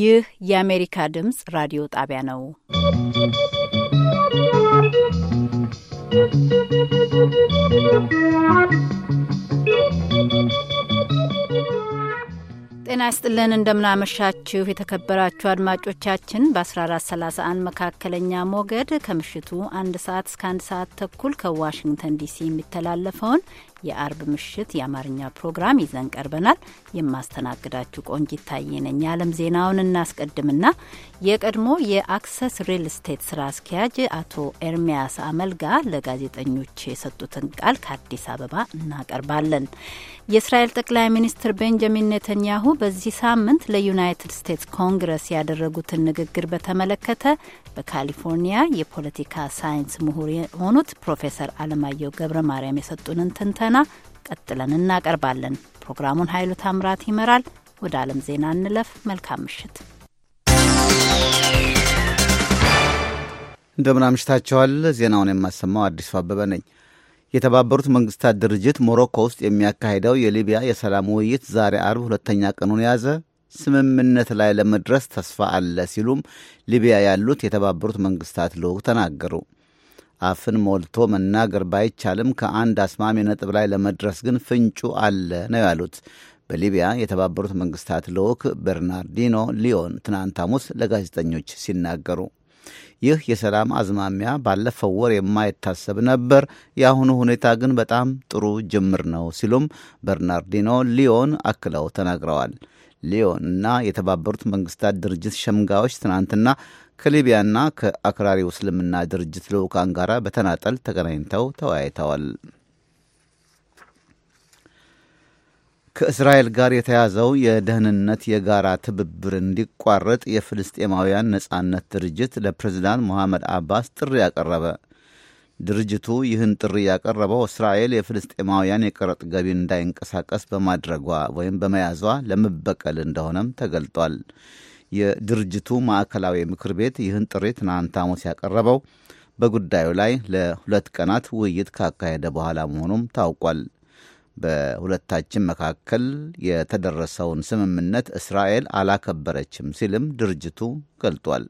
ይህ የአሜሪካ ድምፅ ራዲዮ ጣቢያ ነው። ጤና ይስጥልን እንደምናመሻችሁ የተከበራችሁ አድማጮቻችን በ1431 መካከለኛ ሞገድ ከምሽቱ አንድ ሰዓት እስከ አንድ ሰዓት ተኩል ከዋሽንግተን ዲሲ የሚተላለፈውን የአርብ ምሽት የአማርኛ ፕሮግራም ይዘን ቀርበናል። የማስተናግዳችሁ ቆንጂት ታዬ ነኝ። የዓለም ዜናውን እናስቀድምና የቀድሞ የአክሰስ ሪል ስቴት ስራ አስኪያጅ አቶ ኤርሚያስ አመልጋ ለጋዜጠኞች የሰጡትን ቃል ከአዲስ አበባ እናቀርባለን። የእስራኤል ጠቅላይ ሚኒስትር ቤንጃሚን ኔተንያሁ በዚህ ሳምንት ለዩናይትድ ስቴትስ ኮንግረስ ያደረጉትን ንግግር በተመለከተ በካሊፎርኒያ የፖለቲካ ሳይንስ ምሁር የሆኑት ፕሮፌሰር አለማየሁ ገብረ ማርያም የሰጡንን ትንተና ቃና ቀጥለን እናቀርባለን። ፕሮግራሙን ኃይሉ ታምራት ይመራል። ወደ ዓለም ዜና እንለፍ። መልካም ምሽት እንደምን አምሽታችኋል። ዜናውን የማሰማው አዲሱ አበበ ነኝ። የተባበሩት መንግስታት ድርጅት ሞሮኮ ውስጥ የሚያካሂደው የሊቢያ የሰላም ውይይት ዛሬ አርብ ሁለተኛ ቀኑን የያዘ ስምምነት ላይ ለመድረስ ተስፋ አለ ሲሉም ሊቢያ ያሉት የተባበሩት መንግስታት ልዑክ ተናገሩ። አፍን ሞልቶ መናገር ባይቻልም ከአንድ አስማሚ ነጥብ ላይ ለመድረስ ግን ፍንጩ አለ ነው ያሉት በሊቢያ የተባበሩት መንግስታት ልዑክ በርናርዲኖ ሊዮን ትናንት ሐሙስ ለጋዜጠኞች ሲናገሩ ይህ የሰላም አዝማሚያ ባለፈው ወር የማይታሰብ ነበር፣ የአሁኑ ሁኔታ ግን በጣም ጥሩ ጅምር ነው ሲሉም በርናርዲኖ ሊዮን አክለው ተናግረዋል። ሊዮን እና የተባበሩት መንግስታት ድርጅት ሸምጋዮች ትናንትና ከሊቢያና ከአክራሪው እስልምና ድርጅት ልዑካን ጋር በተናጠል ተገናኝተው ተወያይተዋል። ከእስራኤል ጋር የተያዘው የደህንነት የጋራ ትብብር እንዲቋረጥ የፍልስጤማውያን ነጻነት ድርጅት ለፕሬዝዳንት ሞሐመድ አባስ ጥሪ ያቀረበ። ድርጅቱ ይህን ጥሪ ያቀረበው እስራኤል የፍልስጤማውያን የቀረጥ ገቢ እንዳይንቀሳቀስ በማድረጓ ወይም በመያዟ ለመበቀል እንደሆነም ተገልጧል። የድርጅቱ ማዕከላዊ ምክር ቤት ይህን ጥሪ ትናንት ሐሙስ ያቀረበው በጉዳዩ ላይ ለሁለት ቀናት ውይይት ካካሄደ በኋላ መሆኑም ታውቋል። በሁለታችን መካከል የተደረሰውን ስምምነት እስራኤል አላከበረችም ሲልም ድርጅቱ ገልጧል።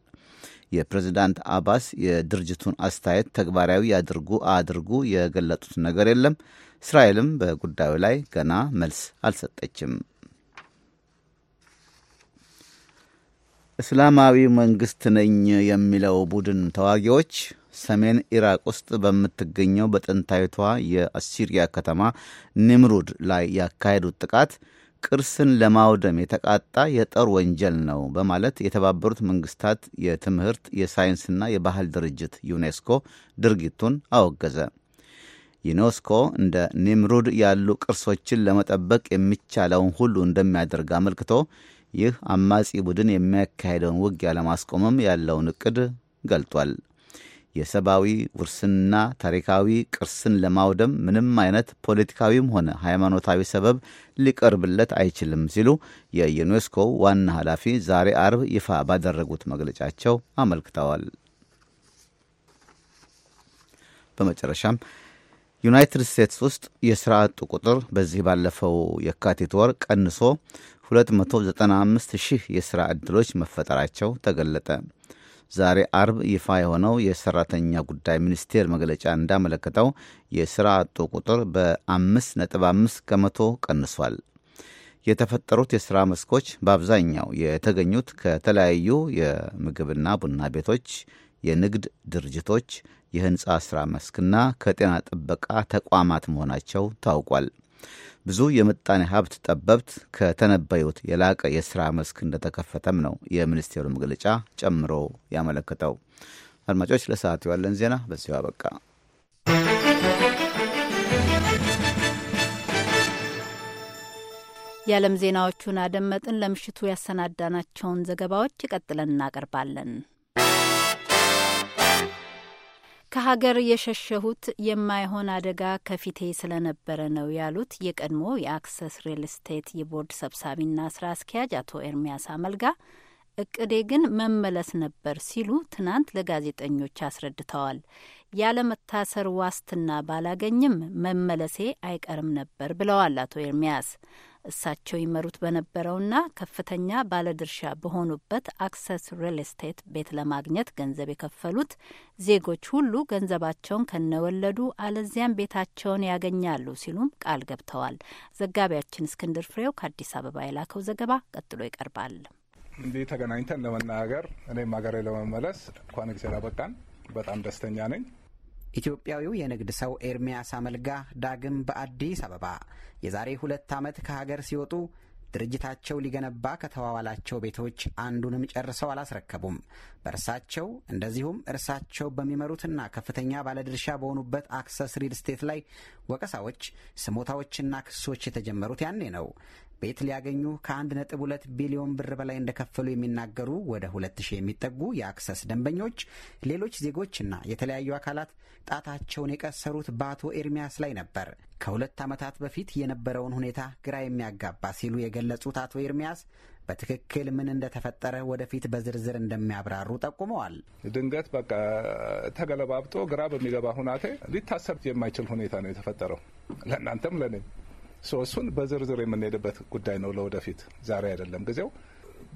የፕሬዚዳንት አባስ የድርጅቱን አስተያየት ተግባራዊ ያድርጉ አድርጉ የገለጡት ነገር የለም። እስራኤልም በጉዳዩ ላይ ገና መልስ አልሰጠችም። እስላማዊ መንግስት ነኝ የሚለው ቡድን ተዋጊዎች ሰሜን ኢራቅ ውስጥ በምትገኘው በጥንታዊቷ የአሲሪያ ከተማ ኒምሩድ ላይ ያካሄዱት ጥቃት ቅርስን ለማውደም የተቃጣ የጦር ወንጀል ነው በማለት የተባበሩት መንግስታት የትምህርት የሳይንስና የባህል ድርጅት ዩኔስኮ ድርጊቱን አወገዘ። ዩኔስኮ እንደ ኒምሩድ ያሉ ቅርሶችን ለመጠበቅ የሚቻለውን ሁሉ እንደሚያደርግ አመልክቶ ይህ አማጺ ቡድን የሚያካሄደውን ውጊያ ለማስቆምም ያለውን እቅድ ገልጧል። የሰብአዊ ውርስንና ታሪካዊ ቅርስን ለማውደም ምንም አይነት ፖለቲካዊም ሆነ ሃይማኖታዊ ሰበብ ሊቀርብለት አይችልም ሲሉ የዩኔስኮ ዋና ኃላፊ ዛሬ አርብ ይፋ ባደረጉት መግለጫቸው አመልክተዋል። በመጨረሻም ዩናይትድ ስቴትስ ውስጥ የሥራ አጡ ቁጥር በዚህ ባለፈው የካቲት ወር ቀንሶ 295 ሺህ የሥራ ዕድሎች መፈጠራቸው ተገለጠ። ዛሬ አርብ ይፋ የሆነው የሰራተኛ ጉዳይ ሚኒስቴር መግለጫ እንዳመለከተው የሥራ አጡ ቁጥር በ5.5 ከመቶ ቀንሷል። የተፈጠሩት የሥራ መስኮች በአብዛኛው የተገኙት ከተለያዩ የምግብና ቡና ቤቶች፣ የንግድ ድርጅቶች፣ የህንፃ ሥራ መስክና ከጤና ጥበቃ ተቋማት መሆናቸው ታውቋል። ብዙ የምጣኔ ሀብት ጠበብት ከተነበዩት የላቀ የሥራ መስክ እንደተከፈተም ነው የሚኒስቴሩ መግለጫ ጨምሮ ያመለክተው። አድማጮች፣ ለሰዓቱ ያለን ዜና በዚሁ አበቃ። የዓለም ዜናዎቹን አደመጥን። ለምሽቱ ያሰናዳናቸውን ዘገባዎች ቀጥለን እናቀርባለን። ከሀገር የሸሸሁት የማይሆን አደጋ ከፊቴ ስለነበረ ነው ያሉት የቀድሞ የአክሰስ ሪል ስቴት የቦርድ ሰብሳቢና ስራ አስኪያጅ አቶ ኤርሚያስ አመልጋ እቅዴ ግን መመለስ ነበር ሲሉ ትናንት ለጋዜጠኞች አስረድተዋል። ያለመታሰር ዋስትና ባላገኝም መመለሴ አይቀርም ነበር ብለዋል አቶ ኤርሚያስ። እሳቸው ይመሩት በነበረውና ከፍተኛ ባለድርሻ በሆኑበት አክሰስ ሪል ስቴት ቤት ለማግኘት ገንዘብ የከፈሉት ዜጎች ሁሉ ገንዘባቸውን ከነወለዱ አለዚያም ቤታቸውን ያገኛሉ ሲሉም ቃል ገብተዋል። ዘጋቢያችን እስክንድር ፍሬው ከአዲስ አበባ የላከው ዘገባ ቀጥሎ ይቀርባል። እንዲህ ተገናኝተን ለመናገር እኔም ሀገሬ ለመመለስ እንኳን ጊዜ ላበቃን በጣም ደስተኛ ነኝ። ኢትዮጵያዊው የንግድ ሰው ኤርሚያስ አመልጋ ዳግም በአዲስ አበባ የዛሬ ሁለት ዓመት ከሀገር ሲወጡ ድርጅታቸው ሊገነባ ከተዋዋላቸው ቤቶች አንዱንም ጨርሰው አላስረከቡም። በእርሳቸው እንደዚሁም እርሳቸው በሚመሩትና ከፍተኛ ባለድርሻ በሆኑበት አክሰስ ሪል ስቴት ላይ ወቀሳዎች፣ ስሞታዎችና ክሶች የተጀመሩት ያኔ ነው። ቤት ሊያገኙ ከ1.2 ቢሊዮን ብር በላይ እንደከፈሉ የሚናገሩ ወደ 2000 የሚጠጉ የአክሰስ ደንበኞች ሌሎች ዜጎችና የተለያዩ አካላት ጣታቸውን የቀሰሩት በአቶ ኤርሚያስ ላይ ነበር። ከሁለት ዓመታት በፊት የነበረውን ሁኔታ ግራ የሚያጋባ ሲሉ የገለጹት አቶ ኤርሚያስ በትክክል ምን እንደተፈጠረ ወደፊት በዝርዝር እንደሚያብራሩ ጠቁመዋል። ድንገት በቃ ተገለባብጦ ግራ በሚገባ ሁናቴ ሊታሰብ የማይችል ሁኔታ ነው የተፈጠረው ለእናንተም ለኔ እሱን በዝርዝር የምንሄድበት ጉዳይ ነው። ለወደፊት ዛሬ አይደለም ጊዜው።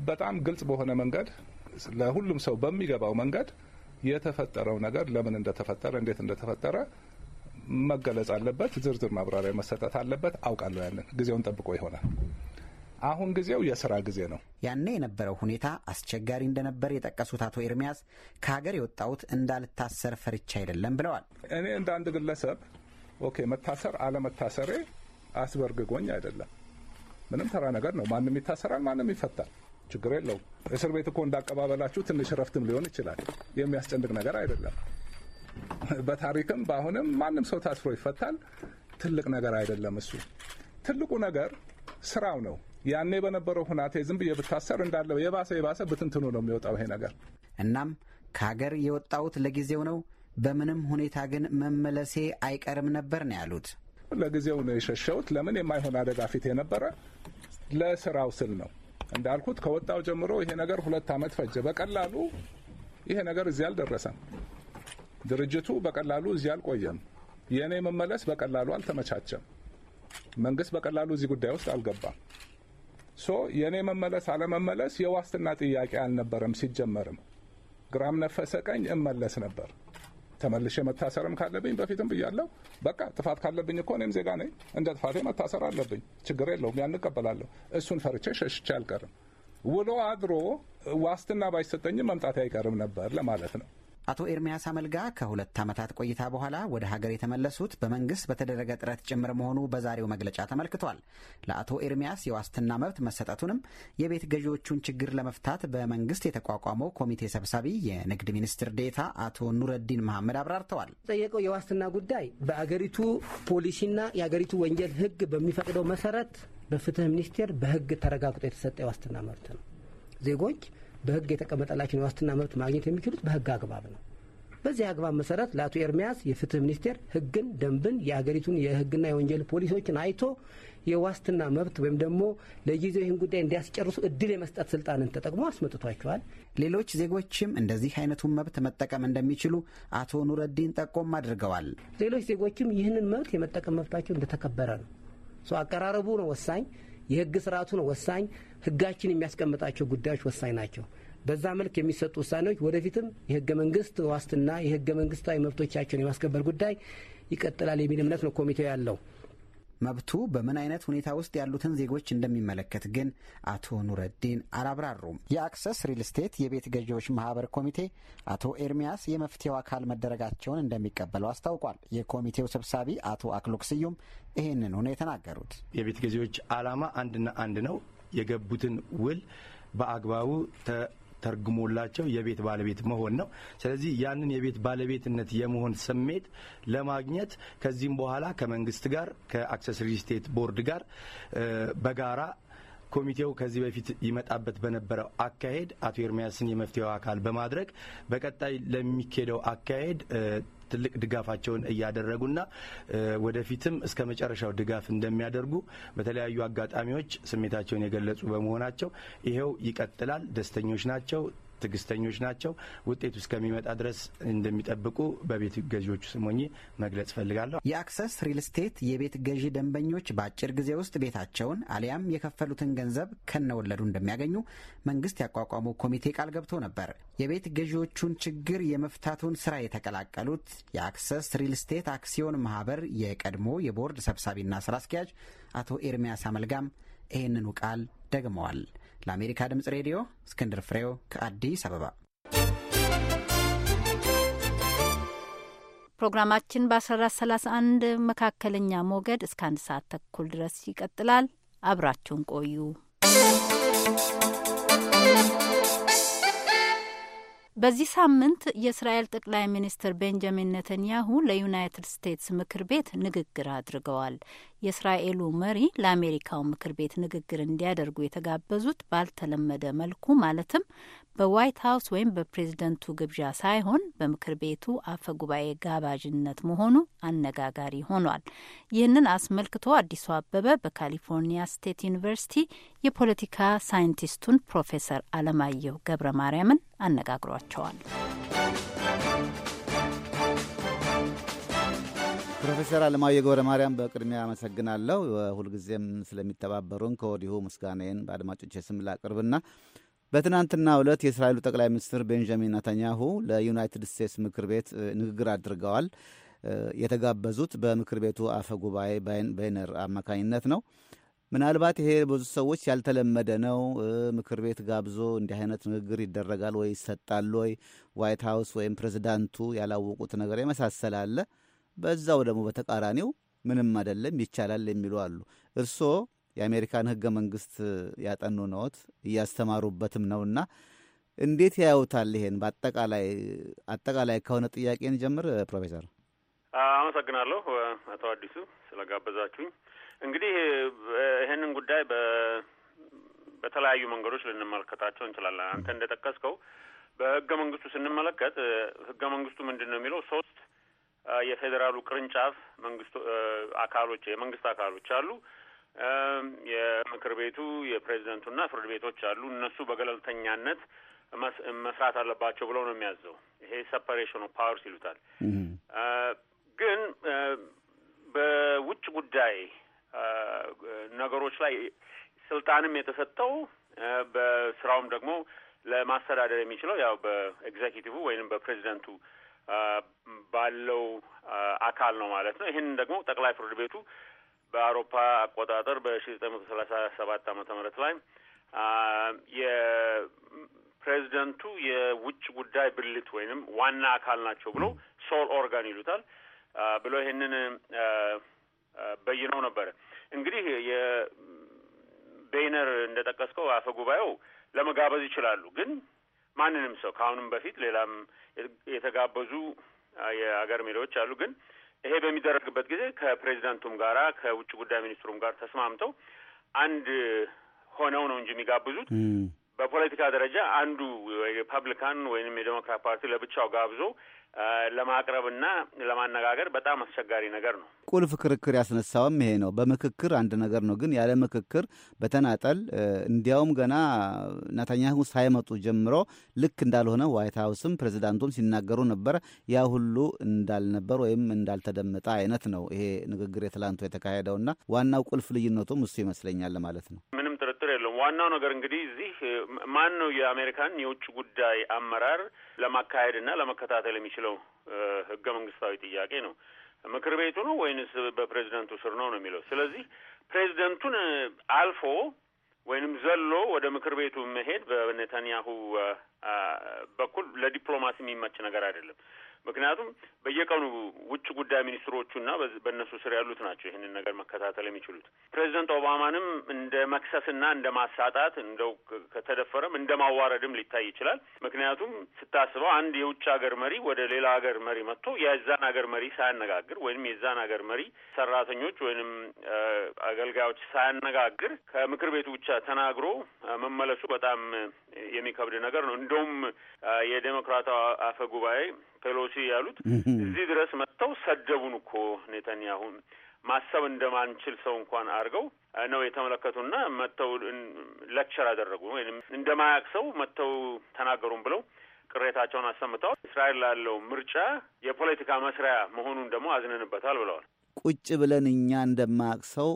በጣም ግልጽ በሆነ መንገድ ለሁሉም ሰው በሚገባው መንገድ የተፈጠረው ነገር ለምን እንደተፈጠረ፣ እንዴት እንደተፈጠረ መገለጽ አለበት። ዝርዝር ማብራሪያ መሰጠት አለበት። አውቃለሁ ያንን ጊዜውን ጠብቆ ይሆናል። አሁን ጊዜው የስራ ጊዜ ነው። ያኔ የነበረው ሁኔታ አስቸጋሪ እንደነበር የጠቀሱት አቶ ኤርሚያስ ከሀገር የወጣሁት እንዳልታሰር ፈርቻ አይደለም ብለዋል። እኔ እንደ አንድ ግለሰብ ኦኬ መታሰር አለመታሰሬ አስበርግጎኝ አይደለም። ምንም ተራ ነገር ነው። ማንም ይታሰራል፣ ማንም ይፈታል። ችግር የለውም። እስር ቤት እኮ እንዳቀባበላችሁ ትንሽ እረፍትም ሊሆን ይችላል። የሚያስጨንቅ ነገር አይደለም። በታሪክም በአሁንም ማንም ሰው ታስሮ ይፈታል። ትልቅ ነገር አይደለም እሱ። ትልቁ ነገር ስራው ነው። ያኔ በነበረው ሁናቴ ዝም ብዬ ብታሰር እንዳለ የባሰ የባሰ ብትንትኑ ነው የሚወጣው ይሄ ነገር። እናም ከሀገር የወጣሁት ለጊዜው ነው፣ በምንም ሁኔታ ግን መመለሴ አይቀርም ነበር ነው ያሉት። ለጊዜው ነው የሸሸሁት። ለምን የማይሆን አደጋ ፊት የነበረ ለስራው ስል ነው። እንዳልኩት ከወጣው ጀምሮ ይሄ ነገር ሁለት ዓመት ፈጀ። በቀላሉ ይሄ ነገር እዚያ አልደረሰም። ድርጅቱ በቀላሉ እዚያ አልቆየም። የእኔ መመለስ በቀላሉ አልተመቻቸም። መንግስት በቀላሉ እዚህ ጉዳይ ውስጥ አልገባም። ሶ የእኔ መመለስ አለመመለስ የዋስትና ጥያቄ አልነበረም። ሲጀመርም ግራም ነፈሰ ቀኝ እመለስ ነበር። ተመልሼ መታሰርም ካለብኝ በፊትም ብያለሁ። በቃ ጥፋት ካለብኝ እኮ እኔም ዜጋ ነኝ፣ እንደ ጥፋቴ መታሰር አለብኝ። ችግር የለውም፣ ያን እቀበላለሁ። እሱን ፈርቼ ሸሽቼ አልቀርም። ውሎ አድሮ ዋስትና ባይሰጠኝም መምጣቴ አይቀርም ነበር ለማለት ነው። አቶ ኤርሚያስ አመልጋ ከሁለት ዓመታት ቆይታ በኋላ ወደ ሀገር የተመለሱት በመንግስት በተደረገ ጥረት ጭምር መሆኑ በዛሬው መግለጫ ተመልክቷል። ለአቶ ኤርሚያስ የዋስትና መብት መሰጠቱንም የቤት ገዢዎቹን ችግር ለመፍታት በመንግስት የተቋቋመው ኮሚቴ ሰብሳቢ የንግድ ሚኒስትር ዴታ አቶ ኑረዲን መሐመድ አብራርተዋል። ጠየቀው የዋስትና ጉዳይ በአገሪቱ ፖሊሲና የአገሪቱ ወንጀል ህግ በሚፈቅደው መሰረት በፍትህ ሚኒስቴር በህግ ተረጋግጦ የተሰጠ የዋስትና መብት ነው ዜጎች በህግ የተቀመጠላቸውን የዋስትና መብት ማግኘት የሚችሉት በህግ አግባብ ነው። በዚህ አግባብ መሰረት ለአቶ ኤርሚያስ የፍትህ ሚኒስቴር ህግን፣ ደንብን፣ የሀገሪቱን የህግና የወንጀል ፖሊሶችን አይቶ የዋስትና መብት ወይም ደግሞ ለጊዜው ይህን ጉዳይ እንዲያስጨርሱ እድል የመስጠት ስልጣንን ተጠቅሞ አስመጥቷቸዋል። ሌሎች ዜጎችም እንደዚህ አይነቱን መብት መጠቀም እንደሚችሉ አቶ ኑረዲን ጠቆም አድርገዋል። ሌሎች ዜጎችም ይህንን መብት የመጠቀም መብታቸው እንደተከበረ ነው። አቀራረቡ ነው ወሳኝ። የህግ ስርዓቱን ወሳኝ። ህጋችን የሚያስቀምጣቸው ጉዳዮች ወሳኝ ናቸው። በዛ መልክ የሚሰጡ ውሳኔዎች ወደፊትም የህገ መንግስት ዋስትና የህገ መንግስታዊ መብቶቻቸውን የማስከበር ጉዳይ ይቀጥላል የሚል እምነት ነው ኮሚቴው ያለው። መብቱ በምን አይነት ሁኔታ ውስጥ ያሉትን ዜጎች እንደሚመለከት ግን አቶ ኑረዲን አላብራሩም። የአክሰስ ሪል ስቴት የቤት ገዢዎች ማህበር ኮሚቴ አቶ ኤርሚያስ የመፍትሄው አካል መደረጋቸውን እንደሚቀበሉ አስታውቋል። የኮሚቴው ሰብሳቢ አቶ አክሎክ ስዩም ይህንን ነው የተናገሩት። የቤት ገዢዎች አላማ አንድና አንድ ነው። የገቡትን ውል በአግባቡ ተርግሞላቸው የቤት ባለቤት መሆን ነው። ስለዚህ ያንን የቤት ባለቤትነት የመሆን ስሜት ለማግኘት ከዚህም በኋላ ከመንግስት ጋር ከአክሰስ ሪል ስቴት ቦርድ ጋር በጋራ ኮሚቴው ከዚህ በፊት ይመጣበት በነበረው አካሄድ አቶ ኤርሚያስን የመፍትሄው አካል በማድረግ በቀጣይ ለሚካሄደው አካሄድ ትልቅ ድጋፋቸውን እያደረጉና ወደፊትም እስከ መጨረሻው ድጋፍ እንደሚያደርጉ በተለያዩ አጋጣሚዎች ስሜታቸውን የገለጹ በመሆናቸው ይኸው ይቀጥላል። ደስተኞች ናቸው። ትግስተኞች ናቸው። ውጤቱ እስከሚመጣ ድረስ እንደሚጠብቁ በቤት ገዢዎቹ ስም ሆኜ መግለጽ ፈልጋለሁ። የአክሰስ ሪል ስቴት የቤት ገዢ ደንበኞች በአጭር ጊዜ ውስጥ ቤታቸውን አሊያም የከፈሉትን ገንዘብ ከነወለዱ እንደሚያገኙ መንግስት ያቋቋመው ኮሚቴ ቃል ገብቶ ነበር። የቤት ገዢዎቹን ችግር የመፍታቱን ስራ የተቀላቀሉት የአክሰስ ሪል ስቴት አክሲዮን ማህበር የቀድሞ የቦርድ ሰብሳቢና ስራ አስኪያጅ አቶ ኤርሚያስ አመልጋም ይህንኑ ቃል ደግመዋል። ለአሜሪካ ድምፅ ሬዲዮ እስክንድር ፍሬው ከአዲስ አበባ። ፕሮግራማችን በ1431 መካከለኛ ሞገድ እስከ አንድ ሰዓት ተኩል ድረስ ይቀጥላል። አብራችሁን ቆዩ። በዚህ ሳምንት የእስራኤል ጠቅላይ ሚኒስትር ቤንጃሚን ነተንያሁ ለዩናይትድ ስቴትስ ምክር ቤት ንግግር አድርገዋል። የእስራኤሉ መሪ ለአሜሪካው ምክር ቤት ንግግር እንዲያደርጉ የተጋበዙት ባልተለመደ መልኩ ማለትም በዋይት ሀውስ ወይም በፕሬዝደንቱ ግብዣ ሳይሆን በምክር ቤቱ አፈ ጉባኤ ጋባዥነት መሆኑ አነጋጋሪ ሆኗል። ይህንን አስመልክቶ አዲሱ አበበ በካሊፎርኒያ ስቴት ዩኒቨርሲቲ የፖለቲካ ሳይንቲስቱን ፕሮፌሰር አለማየሁ ገብረ ማርያምን አነጋግሯቸዋል። ፕሮፌሰር አለማየሁ ገብረ ማርያም በቅድሚያ አመሰግናለሁ። ሁልጊዜም ስለሚተባበሩን ከወዲሁ ምስጋናዬን በአድማጮች ስም ላቅርብና በትናንትናው ዕለት የእስራኤሉ ጠቅላይ ሚኒስትር ቤንጃሚን ነታንያሁ ለዩናይትድ ስቴትስ ምክር ቤት ንግግር አድርገዋል። የተጋበዙት በምክር ቤቱ አፈ ጉባኤ ባይነር አማካኝነት ነው። ምናልባት ይሄ ብዙ ሰዎች ያልተለመደ ነው። ምክር ቤት ጋብዞ እንዲህ አይነት ንግግር ይደረጋል ወይ ይሰጣል ወይ ዋይት ሀውስ ወይም ፕሬዚዳንቱ ያላወቁት ነገር የመሳሰል አለ። በዛው ደግሞ በተቃራኒው ምንም አይደለም ይቻላል የሚሉ አሉ። እርስዎ የአሜሪካን ህገ መንግስት ያጠኑ ነዎት፣ እያስተማሩበትም ነውና እንዴት ያዩታል? ይሄን በአጠቃላይ አጠቃላይ ከሆነ ጥያቄን ጀምር ፕሮፌሰር። አመሰግናለሁ አቶ አዲሱ ስለጋበዛችሁኝ። እንግዲህ ይህንን ጉዳይ በተለያዩ መንገዶች ልንመለከታቸው እንችላለን። አንተ እንደ ጠቀስከው በህገ መንግስቱ ስንመለከት ህገ መንግስቱ ምንድን ነው የሚለው ሶስት የፌዴራሉ ቅርንጫፍ መንግስቱ አካሎች የመንግስት አካሎች አሉ። የምክር ቤቱ የፕሬዚደንቱና ፍርድ ቤቶች አሉ። እነሱ በገለልተኛነት መስራት አለባቸው ብለው ነው የሚያዘው። ይሄ ሰፐሬሽን ኦፍ ፓወርስ ይሉታል። ግን በውጭ ጉዳይ ነገሮች ላይ ስልጣንም የተሰጠው በስራውም ደግሞ ለማስተዳደር የሚችለው ያው በኤግዜኪቲቭ ወይንም በፕሬዚደንቱ ባለው አካል ነው ማለት ነው። ይህንን ደግሞ ጠቅላይ ፍርድ ቤቱ በአውሮፓ አቆጣጠር በሺ ዘጠኝ መቶ ሰላሳ ሰባት አመተ ምህረት ላይ የፕሬዚደንቱ የውጭ ጉዳይ ብልት ወይንም ዋና አካል ናቸው ብሎ ሶል ኦርጋን ይሉታል ብሎ ይህንን በይነው ነበረ። እንግዲህ የቤይነር እንደ ጠቀስከው አፈ ጉባኤው ለመጋበዝ ይችላሉ። ግን ማንንም ሰው ከአሁንም በፊት ሌላም የተጋበዙ የሀገር መሪዎች አሉ ግን ይሄ በሚደረግበት ጊዜ ከፕሬዚዳንቱም ጋር ከውጭ ጉዳይ ሚኒስትሩም ጋር ተስማምተው አንድ ሆነው ነው እንጂ የሚጋብዙት በፖለቲካ ደረጃ አንዱ የሪፐብሊካን ወይንም የዴሞክራት ፓርቲ ለብቻው ጋብዞ ለማቅረብና ለማነጋገር በጣም አስቸጋሪ ነገር ነው። ቁልፍ ክርክር ያስነሳውም ይሄ ነው። በምክክር አንድ ነገር ነው፣ ግን ያለ ምክክር በተናጠል እንዲያውም ገና ናታኛሁ ሳይመጡ ጀምሮ ልክ እንዳልሆነ ዋይት ሀውስም ፕሬዚዳንቱም ሲናገሩ ነበር። ያ ሁሉ እንዳልነበር ወይም እንዳልተደመጠ አይነት ነው ይሄ ንግግር የትላንቱ የተካሄደውና ዋናው ቁልፍ ልዩነቱም እሱ ይመስለኛል ማለት ነው። ዋናው ነገር እንግዲህ እዚህ ማን ነው የአሜሪካን የውጭ ጉዳይ አመራር ለማካሄድና ለመከታተል የሚችለው ህገ መንግስታዊ ጥያቄ ነው። ምክር ቤቱ ነው ወይንስ በፕሬዚደንቱ ስር ነው ነው የሚለው። ስለዚህ ፕሬዚደንቱን አልፎ ወይንም ዘሎ ወደ ምክር ቤቱ መሄድ በኔታንያሁ በኩል ለዲፕሎማሲ የሚመች ነገር አይደለም። ምክንያቱም በየቀኑ ውጭ ጉዳይ ሚኒስትሮቹና በእነሱ ስር ያሉት ናቸው ይህንን ነገር መከታተል የሚችሉት። ፕሬዚደንት ኦባማንም እንደ መክሰስና እንደ ማሳጣት እንደው ከተደፈረም እንደ ማዋረድም ሊታይ ይችላል። ምክንያቱም ስታስበው አንድ የውጭ ሀገር መሪ ወደ ሌላ ሀገር መሪ መጥቶ የዛን ሀገር መሪ ሳያነጋግር ወይም የዛን ሀገር መሪ ሰራተኞች ወይንም አገልጋዮች ሳያነጋግር ከምክር ቤቱ ብቻ ተናግሮ መመለሱ በጣም የሚከብድ ነገር ነው። እንደውም የዴሞክራቷ አፈ ጉባኤ ፔሎሲ ያሉት እዚህ ድረስ መጥተው ሰደቡን እኮ ኔታንያሁን ማሰብ እንደማንችል ሰው እንኳን አድርገው ነው የተመለከቱና መጥተው ለክቸር አደረጉ ወይም እንደማያቅ ሰው መጥተው ተናገሩን ብለው ቅሬታቸውን አሰምተዋል። እስራኤል ላለው ምርጫ የፖለቲካ መስሪያ መሆኑን ደግሞ አዝነንበታል ብለዋል። ቁጭ ብለን እኛ ሰው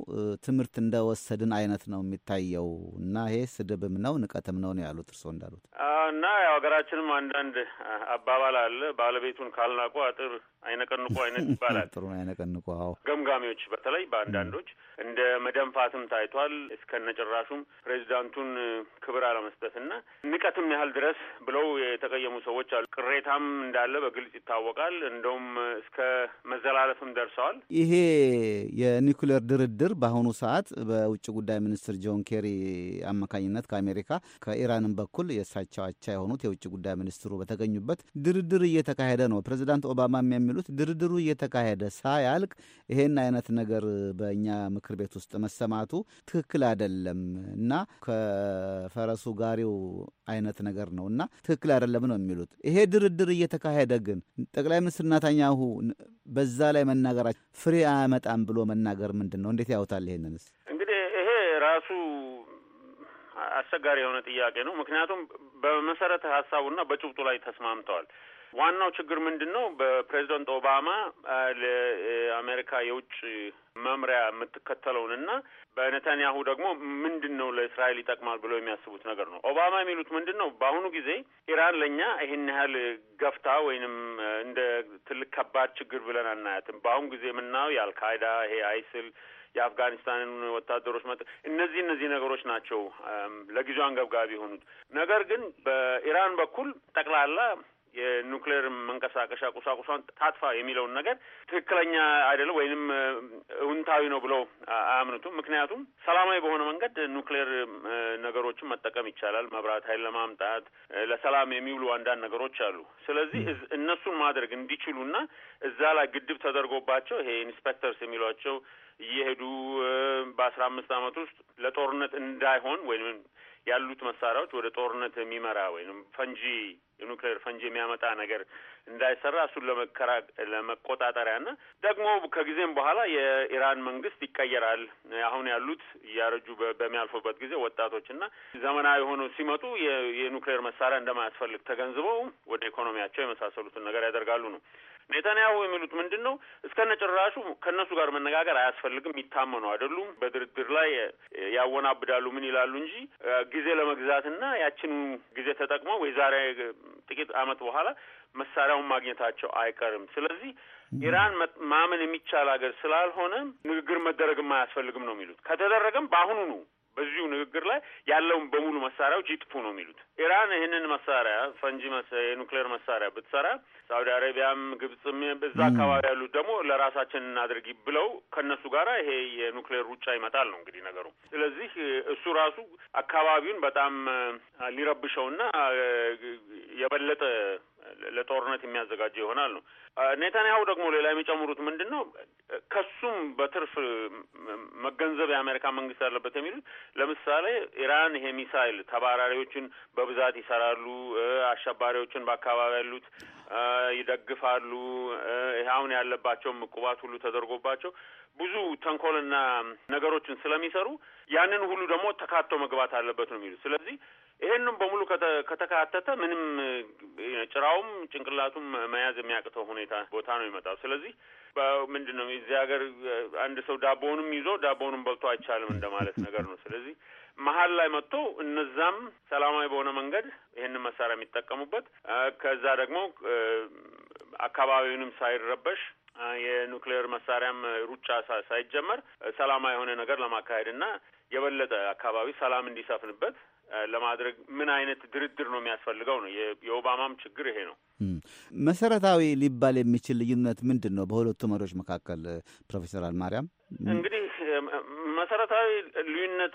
ትምህርት እንደወሰድን አይነት ነው የሚታየው እና ይሄ ስድብም ነው ንቀትም ነው ነው ያሉት እርስዎ እንዳሉት እና ያው ሀገራችንም አንዳንድ አባባል አለ። ባለቤቱን ካልናቁ አጥር አይነቀንቁ አይነት ይባላል። አይነቀንቁ። አዎ ገምጋሚዎች፣ በተለይ በአንዳንዶች እንደ መደንፋትም ታይቷል። እስከነጭራሹም ፕሬዚዳንቱን ክብር አለመስጠት እና ንቀትም ያህል ድረስ ብለው የተቀየሙ ሰዎች አሉ። ቅሬታም እንዳለ በግልጽ ይታወቃል። እንደውም እስከ መዘላለፍም ደርሰዋል። ይሄ የኒኩሌር ድርድር በአሁኑ ሰዓት በውጭ ጉዳይ ሚኒስትር ጆን ኬሪ አማካኝነት ከአሜሪካ ከኢራንም በኩል የእሳቸው አቻ የሆኑት የውጭ ጉዳይ ሚኒስትሩ በተገኙበት ድርድር እየተካሄደ ነው። ፕሬዚዳንት ኦባማም የሚሉት ድርድሩ እየተካሄደ ሳያልቅ ይሄን አይነት ነገር በእኛ ምክር ቤት ውስጥ መሰማቱ ትክክል አይደለም እና ከፈረሱ ጋሪው አይነት ነገር ነው እና ትክክል አይደለም ነው የሚሉት። ይሄ ድርድር እየተካሄደ ግን ጠቅላይ ሚኒስትር ናታኛሁ በዛ ላይ መናገራቸው ፍሬ አያመጣም ብሎ መናገር ምንድን ነው? እንዴት ያውታል? ይሄንንስ እንግዲህ ይሄ ራሱ አስቸጋሪ የሆነ ጥያቄ ነው። ምክንያቱም በመሰረተ ሀሳቡና በጭብጡ ላይ ተስማምተዋል። ዋናው ችግር ምንድን ነው? በፕሬዚደንት ኦባማ ለአሜሪካ የውጭ መምሪያ የምትከተለውንና በነታንያሁ ደግሞ ምንድን ነው ለእስራኤል ይጠቅማል ብለው የሚያስቡት ነገር ነው። ኦባማ የሚሉት ምንድን ነው? በአሁኑ ጊዜ ኢራን ለእኛ ይህን ያህል ገፍታ ወይንም እንደ ትልቅ ከባድ ችግር ብለን አናያትም። በአሁኑ ጊዜ የምናየው የአልካይዳ ይሄ አይስል የአፍጋኒስታንን ወታደሮች መጥ እነዚህ እነዚህ ነገሮች ናቸው ለጊዜው አንገብጋቢ የሆኑት። ነገር ግን በኢራን በኩል ጠቅላላ የኑክሌር መንቀሳቀሻ ቁሳቁሷን ታጥፋ የሚለውን ነገር ትክክለኛ አይደለም ወይንም እውንታዊ ነው ብለው አያምኑትም። ምክንያቱም ሰላማዊ በሆነ መንገድ ኑክሌር ነገሮችን መጠቀም ይቻላል። መብራት ኃይል ለማምጣት ለሰላም የሚውሉ አንዳንድ ነገሮች አሉ። ስለዚህ እነሱን ማድረግ እንዲችሉና እዛ ላይ ግድብ ተደርጎባቸው ይሄ ኢንስፔክተርስ የሚሏቸው እየሄዱ በአስራ አምስት አመት ውስጥ ለጦርነት እንዳይሆን ወይም ያሉት መሳሪያዎች ወደ ጦርነት የሚመራ ወይም ፈንጂ የኑክሌር ፈንጂ የሚያመጣ ነገር እንዳይሰራ እሱን ለመከራ ለመቆጣጠሪያና ደግሞ ከጊዜም በኋላ የኢራን መንግስት ይቀየራል። አሁን ያሉት እያረጁ በሚያልፉበት ጊዜ ወጣቶችና ዘመናዊ ሆነው ሲመጡ የኑክሌር መሳሪያ እንደማያስፈልግ ተገንዝበው ወደ ኢኮኖሚያቸው የመሳሰሉትን ነገር ያደርጋሉ ነው። ኔታንያሁ የሚሉት ምንድን ነው? እስከነ ጭራሹ ከእነሱ ጋር መነጋገር አያስፈልግም፣ ይታመኑ አይደሉም፣ በድርድር ላይ ያወናብዳሉ፣ ምን ይላሉ እንጂ ጊዜ ለመግዛትና ያችን ጊዜ ተጠቅመው ወይ ዛሬ ጥቂት ዓመት በኋላ መሳሪያውን ማግኘታቸው አይቀርም። ስለዚህ ኢራን ማመን የሚቻል ሀገር ስላልሆነ ንግግር መደረግም አያስፈልግም ነው የሚሉት። ከተደረገም በአሁኑ ነው በዚሁ ንግግር ላይ ያለውን በሙሉ መሳሪያዎች ይጥፉ ነው የሚሉት። ኢራን ይህንን መሳሪያ ፈንጂ የኑክሌር መሳሪያ ብትሰራ ሳውዲ አረቢያም ግብጽም በዛ አካባቢ ያሉት ደግሞ ለራሳችን እናድርግ ብለው ከእነሱ ጋር ይሄ የኑክሌር ሩጫ ይመጣል ነው እንግዲህ ነገሩ። ስለዚህ እሱ ራሱ አካባቢውን በጣም ሊረብሸውና የበለጠ ለጦርነት የሚያዘጋጀ ይሆናል ነው። ኔታንያሁ ደግሞ ሌላ የሚጨምሩት ምንድን ነው? ከሱም በትርፍ መገንዘብ የአሜሪካ መንግስት ያለበት የሚሉት ለምሳሌ ኢራን ይሄ ሚሳይል ተባራሪዎችን በብዛት ይሰራሉ፣ አሸባሪዎችን በአካባቢ ያሉት ይደግፋሉ፣ ይሄ አሁን ያለባቸውም ምቁባት ሁሉ ተደርጎባቸው ብዙ ተንኮልና ነገሮችን ስለሚሰሩ ያንን ሁሉ ደግሞ ተካቶ መግባት አለበት ነው የሚሉት ስለዚህ ይህንም በሙሉ ከተካተተ ምንም ጭራውም ጭንቅላቱም መያዝ የሚያቅተው ሁኔታ ቦታ ነው ይመጣው። ስለዚህ ምንድን ነው እዚህ ሀገር አንድ ሰው ዳቦውንም ይዞ ዳቦውንም በልቶ አይቻልም እንደማለት ነገር ነው። ስለዚህ መሀል ላይ መጥቶ እነዛም ሰላማዊ በሆነ መንገድ ይህንን መሳሪያ የሚጠቀሙበት ከዛ ደግሞ አካባቢውንም ሳይረበሽ የኑክሌር መሳሪያም ሩጫ ሳይጀመር ሰላማዊ የሆነ ነገር ለማካሄድ እና የበለጠ አካባቢ ሰላም እንዲሰፍንበት ለማድረግ ምን አይነት ድርድር ነው የሚያስፈልገው? ነው የኦባማም ችግር ይሄ ነው። መሰረታዊ ሊባል የሚችል ልዩነት ምንድን ነው በሁለቱ መሪዎች መካከል? ፕሮፌሰር አልማርያም እንግዲህ መሰረታዊ ልዩነት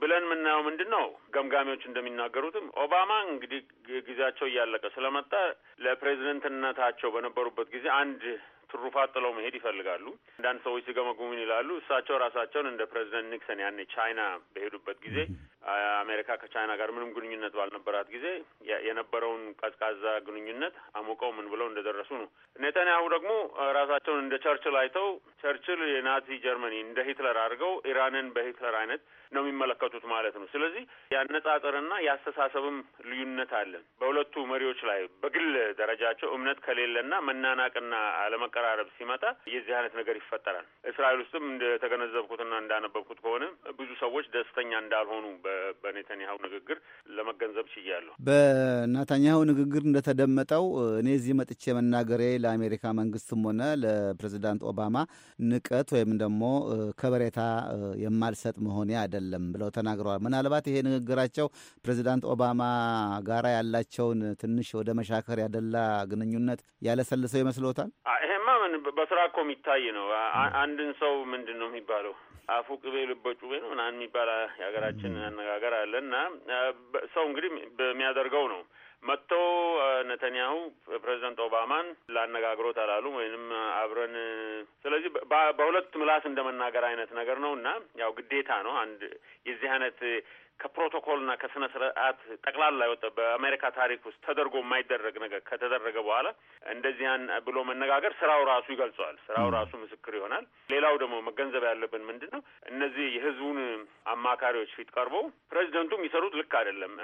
ብለን የምናየው ምንድን ነው? ገምጋሚዎች እንደሚናገሩትም ኦባማ እንግዲህ ጊዜያቸው እያለቀ ስለመጣ ለፕሬዚደንትነታቸው በነበሩበት ጊዜ አንድ ትሩፋት ጥለው መሄድ ይፈልጋሉ። አንዳንድ ሰዎች ሲገመጉሙን ይላሉ እሳቸው ራሳቸውን እንደ ፕሬዚደንት ኒክሰን ያኔ ቻይና በሄዱበት ጊዜ አሜሪካ ከቻይና ጋር ምንም ግንኙነት ባልነበራት ጊዜ የነበረውን ቀዝቃዛ ግንኙነት አሞቀው ምን ብለው እንደደረሱ ነው። ኔታንያሁ ደግሞ ራሳቸውን እንደ ቸርችል አይተው ቸርችል የናዚ ጀርመኒ እንደ ሂትለር አድርገው ኢራንን በሂትለር አይነት ነው የሚመለከቱት ማለት ነው። ስለዚህ ያነጻጽርና ያስተሳሰብም ልዩነት አለ በሁለቱ መሪዎች ላይ። በግል ደረጃቸው እምነት ከሌለና መናናቅና አለመቀራረብ ሲመጣ የዚህ አይነት ነገር ይፈጠራል። እስራኤል ውስጥም እንደተገነዘብኩትና እንዳነበብኩት ከሆነ ብዙ ሰዎች ደስተኛ እንዳልሆኑ በኔታንያሁ ንግግር ለመገንዘብ ችያለሁ። በናታንያሁ ንግግር እንደተደመጠው እኔ እዚህ መጥቼ መናገሬ ለአሜሪካ መንግስትም ሆነ ለፕሬዚዳንት ኦባማ ንቀት ወይም ደግሞ ከበሬታ የማልሰጥ መሆኔ አይደለም ብለው ተናግረዋል። ምናልባት ይሄ ንግግራቸው ፕሬዚዳንት ኦባማ ጋራ ያላቸውን ትንሽ ወደ መሻከር ያደላ ግንኙነት ያለሰልሰው ይመስሎታል? ይሄማ በስራ እኮ የሚታይ ነው። አንድን ሰው ምንድን ነው የሚባለው አፉ ቅቤ ልበጩ ቤ ነው ምናምን የሚባል የሀገራችን አነጋገር አለ እና ሰው እንግዲህ በሚያደርገው ነው መጥቶ ነተንያሁ ፕሬዚደንት ኦባማን ላነጋግሮት አላሉም ወይንም አብረን ስለዚህ በሁለት ምላስ እንደመናገር አይነት ነገር ነው እና ያው ግዴታ ነው አንድ የዚህ አይነት ከፕሮቶኮልና ከስነ ስርዓት ጠቅላላ የወጣ በአሜሪካ ታሪክ ውስጥ ተደርጎ የማይደረግ ነገር ከተደረገ በኋላ እንደዚያን ብሎ መነጋገር ስራው ራሱ ይገልጸዋል። ስራው ራሱ ምስክር ይሆናል። ሌላው ደግሞ መገንዘብ ያለብን ምንድን ነው፣ እነዚህ የህዝቡን አማካሪዎች ፊት ቀርበው ፕሬዚደንቱ የሚሰሩት ልክ አይደለም፣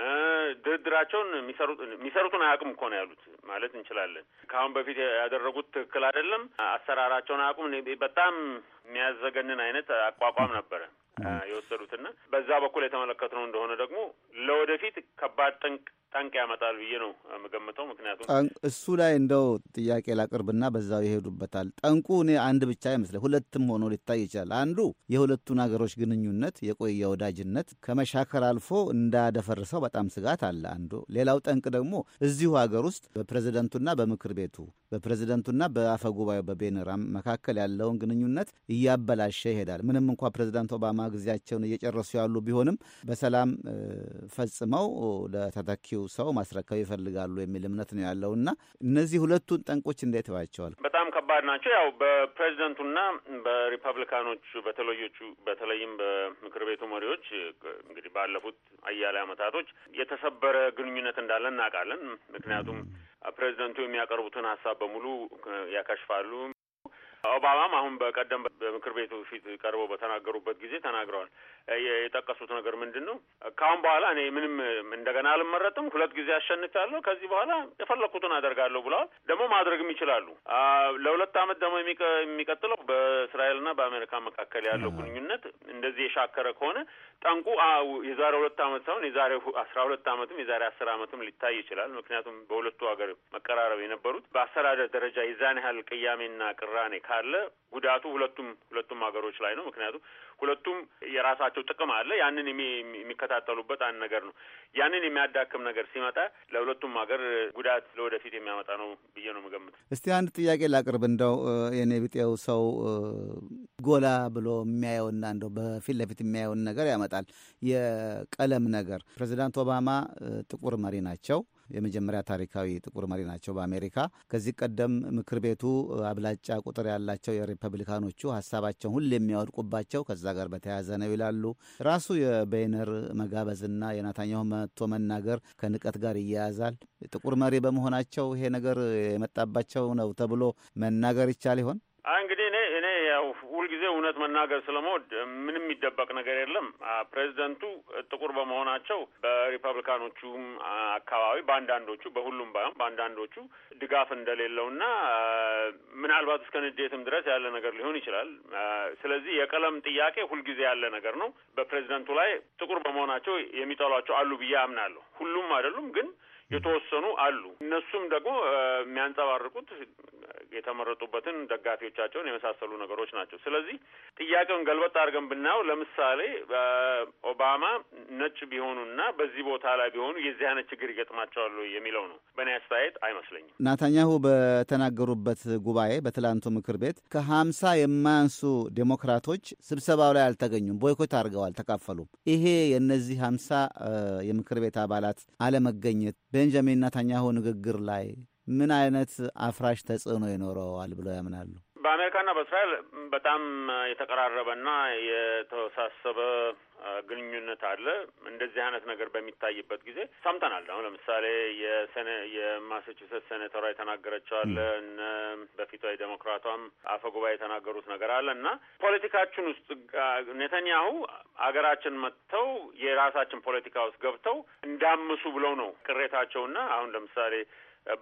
ድርድራቸውን የሚሰሩትን አያውቁም እኮ ነው ያሉት ማለት እንችላለን። ከአሁን በፊት ያደረጉት ትክክል አይደለም፣ አሰራራቸውን አያውቁም። በጣም የሚያዘገንን አይነት አቋቋም ነበረ። የወሰዱትና በዛ በኩል የተመለከትነው እንደሆነ ደግሞ ለወደፊት ከባድ ጠንቅ ጠንቅ ያመጣል ብዬ ነው የምገምተው። ምክንያቱም እሱ ላይ እንደው ጥያቄ ላቅርብና በዛው ይሄዱበታል። ጠንቁ እኔ አንድ ብቻ አይመስለኝ፣ ሁለትም ሆኖ ሊታይ ይችላል። አንዱ የሁለቱን ሀገሮች ግንኙነት የቆየ ወዳጅነት ከመሻከር አልፎ እንዳደፈርሰው በጣም ስጋት አለ አንዱ። ሌላው ጠንቅ ደግሞ እዚሁ ሀገር ውስጥ በፕሬዚደንቱና በምክር ቤቱ በፕሬዚደንቱና በአፈ ጉባኤው በቤንራም መካከል ያለውን ግንኙነት እያበላሸ ይሄዳል። ምንም እንኳ ፕሬዚዳንት ኦባማ ጊዜያቸውን እየጨረሱ ያሉ ቢሆንም በሰላም ፈጽመው ለተተኪ ላላቸው ሰው ማስረከብ ይፈልጋሉ የሚል እምነት ነው ያለው እና እነዚህ ሁለቱን ጠንቆች እንዴት ባቸዋል? በጣም ከባድ ናቸው። ያው በፕሬዚደንቱና በሪፐብሊካኖቹ በተለዮቹ በተለይም በምክር ቤቱ መሪዎች እንግዲህ ባለፉት አያሌ አመታቶች የተሰበረ ግንኙነት እንዳለ እናውቃለን። ምክንያቱም ፕሬዚደንቱ የሚያቀርቡትን ሀሳብ በሙሉ ያከሽፋሉ። ኦባማም አሁን በቀደም በምክር ቤቱ ፊት ቀርበው በተናገሩበት ጊዜ ተናግረዋል። የጠቀሱት ነገር ምንድን ነው? ከአሁን በኋላ እኔ ምንም እንደገና አልመረጥም፣ ሁለት ጊዜ አሸንቻለሁ፣ ከዚህ በኋላ የፈለግኩትን አደርጋለሁ ብለዋል። ደግሞ ማድረግም ይችላሉ። ለሁለት ዓመት ደግሞ የሚቀጥለው በእስራኤልና በአሜሪካ መካከል ያለው ግንኙነት እንደዚህ የሻከረ ከሆነ ጠንቁ የዛሬ ሁለት ዓመት ሳይሆን የዛሬ አስራ ሁለት አመትም የዛሬ አስር ዓመትም ሊታይ ይችላል። ምክንያቱም በሁለቱ ሀገር መቀራረብ የነበሩት በአስተዳደር ደረጃ የዛን ያህል ቅያሜና ቅራኔ ካለ ጉዳቱ ሁለቱም ሁለቱም ሀገሮች ላይ ነው። ምክንያቱም ሁለቱም የራሳቸው ጥቅም አለ። ያንን የሚከታተሉበት አንድ ነገር ነው። ያንን የሚያዳክም ነገር ሲመጣ ለሁለቱም ሀገር ጉዳት ለወደፊት የሚያመጣ ነው ብዬ ነው የምገምት። እስቲ አንድ ጥያቄ ላቅርብ። እንደው የኔ ቢጤው ሰው ጎላ ብሎ የሚያየውና እንደው በፊት ለፊት የሚያየውን ነገር ያመጣል። የቀለም ነገር ፕሬዚዳንት ኦባማ ጥቁር መሪ ናቸው። የመጀመሪያ ታሪካዊ ጥቁር መሪ ናቸው በአሜሪካ። ከዚህ ቀደም ምክር ቤቱ አብላጫ ቁጥር ያላቸው የሪፐብሊካኖቹ ሀሳባቸውን ሁሉ የሚያወድቁባቸው ከዛ ጋር በተያያዘ ነው ይላሉ። ራሱ የቤነር መጋበዝና የናታኛሁ መጥቶ መናገር ከንቀት ጋር ይያያዛል። ጥቁር መሪ በመሆናቸው ይሄ ነገር የመጣባቸው ነው ተብሎ መናገር ይቻል ይሆን? እንግዲህ እኔ ያው ሁልጊዜ እውነት መናገር ስለመወድ ምንም የሚደበቅ ነገር የለም። ፕሬዚደንቱ ጥቁር በመሆናቸው በሪፐብሊካኖቹም አካባቢ በአንዳንዶቹ፣ በሁሉም ባይሆን በአንዳንዶቹ ድጋፍ እንደሌለው እና ምናልባት እስከ ንዴትም ድረስ ያለ ነገር ሊሆን ይችላል። ስለዚህ የቀለም ጥያቄ ሁልጊዜ ያለ ነገር ነው። በፕሬዚደንቱ ላይ ጥቁር በመሆናቸው የሚጠሏቸው አሉ ብዬ አምናለሁ። ሁሉም አይደሉም ግን የተወሰኑ አሉ። እነሱም ደግሞ የሚያንጸባርቁት የተመረጡበትን ደጋፊዎቻቸውን የመሳሰሉ ነገሮች ናቸው። ስለዚህ ጥያቄውን ገልበጥ አድርገን ብናየው ለምሳሌ ኦባማ ነጭ ቢሆኑና በዚህ ቦታ ላይ ቢሆኑ የዚህ አይነት ችግር ይገጥማቸዋሉ የሚለው ነው። በእኔ አስተያየት አይመስለኝም። ናታኛሁ በተናገሩበት ጉባኤ በትላንቱ ምክር ቤት ከሀምሳ የማያንሱ ዴሞክራቶች ስብሰባው ላይ አልተገኙም። ቦይኮት አድርገዋል፣ ተካፈሉም። ይሄ የእነዚህ ሀምሳ የምክር ቤት አባላት አለመገኘት ቤንጃሚን ኔታንያሁ ንግግር ላይ ምን አይነት አፍራሽ ተጽዕኖ ይኖረዋል ብለው ያምናሉ? በአሜሪካና በእስራኤል በጣም የተቀራረበና የተወሳሰበ ግንኙነት አለ። እንደዚህ አይነት ነገር በሚታይበት ጊዜ ሰምተናል። አሁን ለምሳሌ የሰነ የማሳቹሴት ሴኔተሯ የተናገረችው አለ፣ እነ በፊቷ የዴሞክራቷም አፈ ጉባኤ የተናገሩት ነገር አለ እና ፖለቲካችን ውስጥ ኔተንያሁ አገራችን መጥተው የራሳችን ፖለቲካ ውስጥ ገብተው እንዳምሱ ብለው ነው ቅሬታቸውና አሁን ለምሳሌ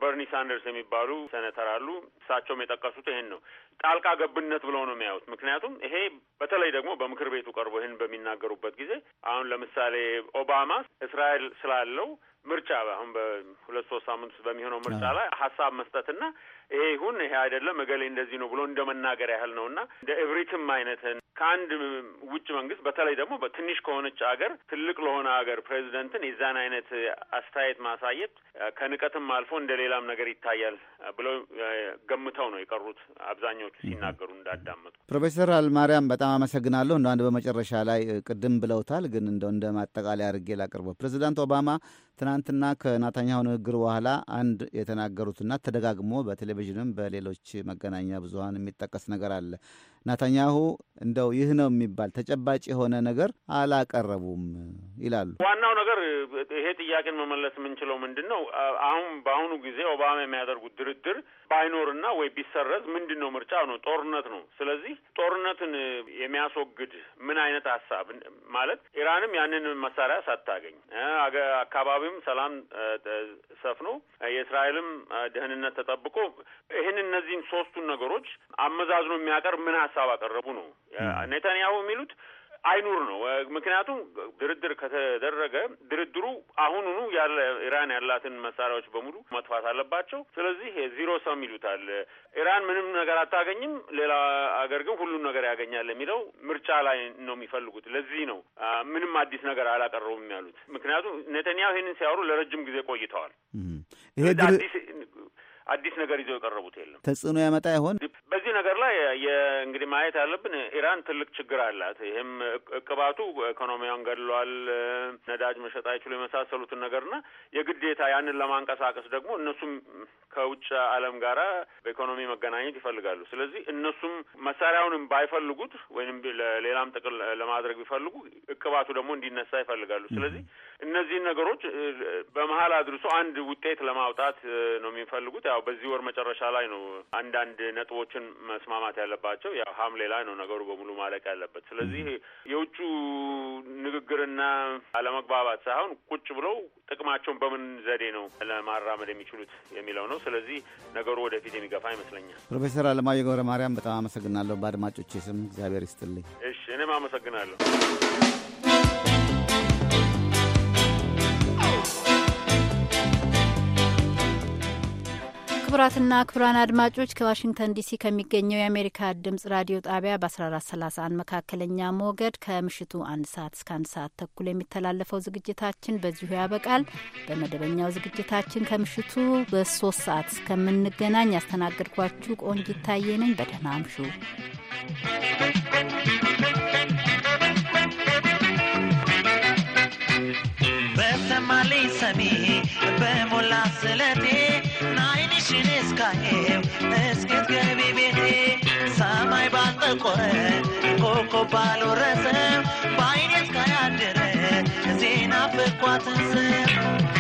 በርኒ ሳንደርስ የሚባሉ ሴኔተር አሉ። እሳቸውም የጠቀሱት ይሄን ነው። ጣልቃ ገብነት ብለው ነው የሚያዩት። ምክንያቱም ይሄ በተለይ ደግሞ በምክር ቤቱ ቀርቦ ይህን በሚናገሩበት ጊዜ አሁን ለምሳሌ ኦባማ እስራኤል ስላለው ምርጫ አሁን በሁለት ሶስት ሳምንት ውስጥ በሚሆነው ምርጫ ላይ ሀሳብ መስጠትና ይሄ ይሁን ይሄ አይደለም እገሌ እንደዚህ ነው ብሎ እንደ መናገር ያህል ነው እና እንደ እብሪትም አይነትን ከአንድ ውጭ መንግስት በተለይ ደግሞ በትንሽ ከሆነች አገር ትልቅ ለሆነ አገር ፕሬዚደንትን የዛን አይነት አስተያየት ማሳየት ከንቀትም አልፎ እንደ ሌላም ነገር ይታያል ብለው ገምተው ነው የቀሩት አብዛኛዎቹ ሲናገሩ እንዳዳመጡ። ፕሮፌሰር አልማርያም በጣም አመሰግናለሁ። እንደ አንድ በመጨረሻ ላይ ቅድም ብለውታል፣ ግን እንደ እንደ ማጠቃለያ አድርጌ ላቅርበው ፕሬዚዳንት ኦባማ ትናንትና ከናታኛው ንግግር በኋላ አንድ የተናገሩትና ተደጋግሞ በቴሌቪዥንም በሌሎች መገናኛ ብዙኃን የሚጠቀስ ነገር አለ። ናታኛሁ እንደው ይህ ነው የሚባል ተጨባጭ የሆነ ነገር አላቀረቡም ይላሉ። ዋናው ነገር ይሄ ጥያቄን መመለስ የምንችለው ምንድን ነው? አሁን በአሁኑ ጊዜ ኦባማ የሚያደርጉት ድርድር ባይኖርና ወይ ቢሰረዝ ምንድን ነው? ምርጫ ነው፣ ጦርነት ነው። ስለዚህ ጦርነትን የሚያስወግድ ምን አይነት ሀሳብ ማለት ኢራንም ያንን መሳሪያ ሳታገኝ አካባቢውም ሰላም ሰፍኖ የእስራኤልም ደህንነት ተጠብቆ ይህን እነዚህን ሶስቱን ነገሮች አመዛዝኖ የሚያቀርብ ምን ሀሳብ አቀረቡ ነው ኔታንያሁ የሚሉት አይኑር ነው። ምክንያቱም ድርድር ከተደረገ ድርድሩ አሁኑኑ ያለ ኢራን ያላትን መሳሪያዎች በሙሉ መጥፋት አለባቸው። ስለዚህ ዚሮ ሰም ይሉታል። ኢራን ምንም ነገር አታገኝም፣ ሌላ አገር ግን ሁሉን ነገር ያገኛል የሚለው ምርጫ ላይ ነው የሚፈልጉት። ለዚህ ነው ምንም አዲስ ነገር አላቀረቡም ያሉት። ምክንያቱም ኔተንያሁ ይህንን ሲያወሩ ለረጅም ጊዜ ቆይተዋል። አዲስ ነገር ይዘው የቀረቡት የለም። ተጽዕኖ ያመጣ ይሆን? በዚህ ነገር ላይ እንግዲህ ማየት ያለብን ኢራን ትልቅ ችግር አላት። ይህም እቅባቱ ኢኮኖሚያን ገድሏል፣ ነዳጅ መሸጥ አይችሉ የመሳሰሉትን ነገርና የግዴታ ያንን ለማንቀሳቀስ ደግሞ እነሱም ከውጭ ዓለም ጋር በኢኮኖሚ መገናኘት ይፈልጋሉ። ስለዚህ እነሱም መሳሪያውንም ባይፈልጉት ወይም ሌላም ጥቅል ለማድረግ ቢፈልጉ እቅባቱ ደግሞ እንዲነሳ ይፈልጋሉ። ስለዚህ እነዚህን ነገሮች በመሀል አድርሶ አንድ ውጤት ለማውጣት ነው የሚፈልጉት። ያው በዚህ ወር መጨረሻ ላይ ነው አንዳንድ ነጥቦችን መስማማት ያለባቸው። ያው ሐምሌ ላይ ነው ነገሩ በሙሉ ማለቅ ያለበት። ስለዚህ የውጩ ንግግርና አለመግባባት ሳይሆን ቁጭ ብለው ጥቅማቸውን በምን ዘዴ ነው ለማራመድ የሚችሉት የሚለው ነው። ስለዚህ ነገሩ ወደፊት የሚገፋ ይመስለኛል። ፕሮፌሰር አለማየሁ ገብረ ማርያም በጣም አመሰግናለሁ። በአድማጮች ስም እግዚአብሔር ይስጥልኝ። እሺ፣ እኔም አመሰግናለሁ። ክቡራትና ክቡራን አድማጮች ከዋሽንግተን ዲሲ ከሚገኘው የአሜሪካ ድምጽ ራዲዮ ጣቢያ በ1431 መካከለኛ ሞገድ ከምሽቱ አንድ ሰዓት እስከ አንድ ሰዓት ተኩል የሚተላለፈው ዝግጅታችን በዚሁ ያበቃል። በመደበኛው ዝግጅታችን ከምሽቱ በሶስት ሰዓት እስከምንገናኝ ያስተናገድኳችሁ ቆንጅ ይታየንኝ። በደህና አምሹ። በሞላ ስለቴ ናይንሽን እስካየው እስኪት ገቢ ቤቴ ሰማይ ባልጠቆረ ኮከብ ባልወረሰ በአይኔ እስካያደረ ዜና ፍቋትን ሰው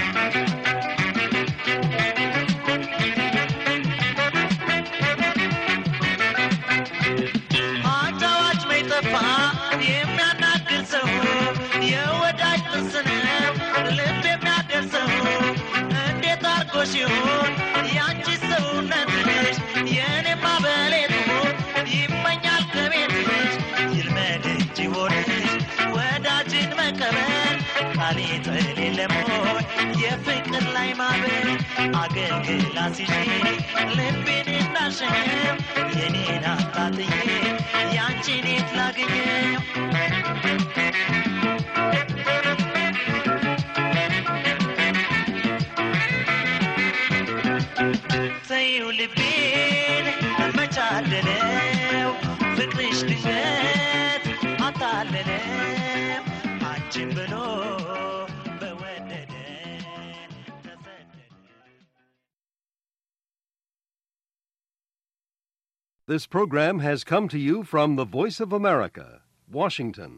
ሲሆን ያንቺ ሰውነትሽ የእኔ ማበሌት ይመኛል ከቤትሽ ይልመድ እንጂ ወዳጅን መቀበል ቃሌ የፍቅር ላይ አገልግላ ሲሽ ልቤን እንዳሸኘም የኔን አታጥዬ ያንቺኔት አታለለው ፍቅርሽ ድንገት አንቺን ብሎ This program has come to you from the Voice of America, Washington.